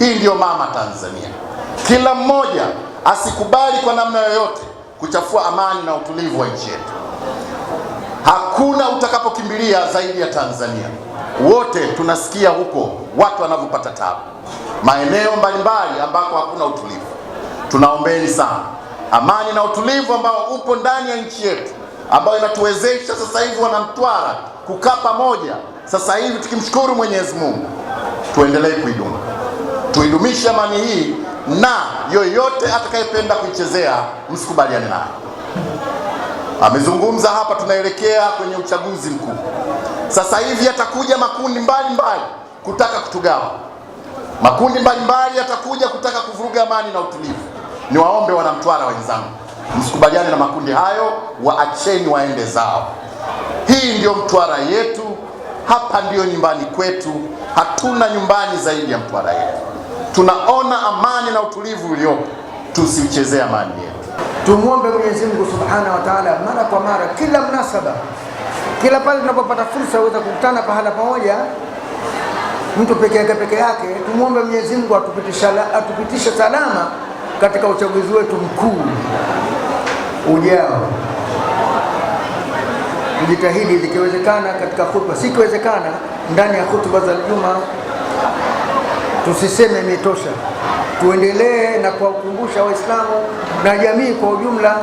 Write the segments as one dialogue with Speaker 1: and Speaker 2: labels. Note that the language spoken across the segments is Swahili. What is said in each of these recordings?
Speaker 1: Hii ndiyo mama Tanzania. Kila mmoja asikubali kwa namna yoyote kuchafua amani na utulivu wa nchi yetu. Hakuna utakapokimbilia zaidi ya Tanzania. Wote tunasikia huko watu wanavyopata tabu maeneo mbalimbali ambako hakuna utulivu. Tunaombeni sana amani na utulivu ambao upo ndani ya nchi yetu, ambayo inatuwezesha sasa hivi wanamtwara kukaa pamoja, sasa hivi tukimshukuru Mwenyezi Mungu, tuendelee kuidumu tuidumishe amani hii, na yoyote atakayependa kuichezea msikubaliane naye. Amezungumza hapa, tunaelekea kwenye uchaguzi mkuu. Sasa hivi atakuja makundi mbalimbali mbali kutaka kutugawa, makundi mbalimbali yatakuja kutaka kuvuruga amani na utulivu. Niwaombe wanamtwara wenzangu, msikubaliane na makundi hayo, waacheni waende zao. Hii ndiyo Mtwara yetu, hapa ndiyo nyumbani kwetu, hatuna nyumbani zaidi ya Mtwara yetu tunaona amani na utulivu uliopo, tusiuchezee amani yetu.
Speaker 2: Tumwombe Mwenyezi Mungu Subhanahu wa Ta'ala mara kwa mara, kila mnasaba, kila pale tunapopata fursa uweza kukutana pahala pamoja mtu peke yake peke yake, tumwombe Mwenyezi Mungu atupitishe salama katika uchaguzi wetu mkuu ujao. jitahidi zikiwezekana katika khutba, sikiwezekana ndani ya khutba za Ijumaa. Tusiseme imetosha, tuendelee na kuwakumbusha Waislamu na jamii kwa ujumla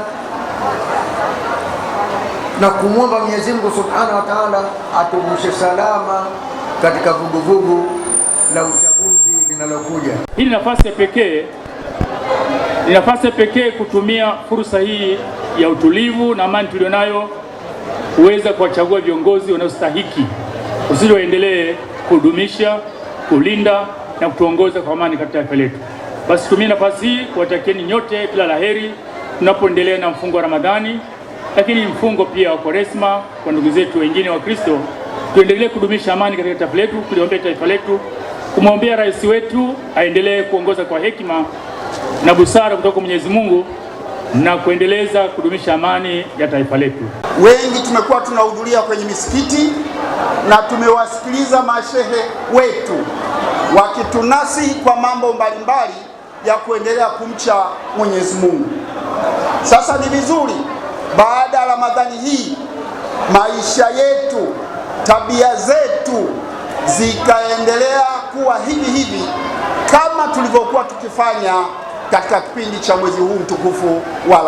Speaker 2: na kumwomba Mwenyezi Mungu Subhanahu wa Ta'ala atuvushe salama katika vuguvugu la uchaguzi linalokuja.
Speaker 3: Hii nafasi ya pekee, ni nafasi ya pekee kutumia fursa hii ya utulivu na amani tulionayo kuweza kuwachagua viongozi wanaostahiki, usije waendelee kudumisha kulinda na kutuongoza kwa amani katika taifa letu. Basi tutumie nafasi hii kuwatakieni nyote kila laheri tunapoendelea na mfungo wa Ramadhani, lakini mfungo pia wa Kwaresma kwa ndugu zetu wengine wa Kristo. Tuendelee kudumisha amani katika taifa letu, kuliombea taifa letu, kumwombea rais wetu aendelee kuongoza kwa hekima na busara kutoka kwa Mwenyezi Mungu na kuendeleza kudumisha amani ya taifa letu.
Speaker 4: Wengi tumekuwa tunahudhuria kwenye misikiti na tumewasikiliza mashehe wetu wakitunasi kwa mambo mbalimbali ya kuendelea kumcha Mwenyezi Mungu. Sasa ni vizuri baada ya Ramadhani hii maisha yetu, tabia zetu zikaendelea kuwa hivi hivi kama tulivyokuwa tukifanya katika kipindi cha mwezi huu mtukufu wa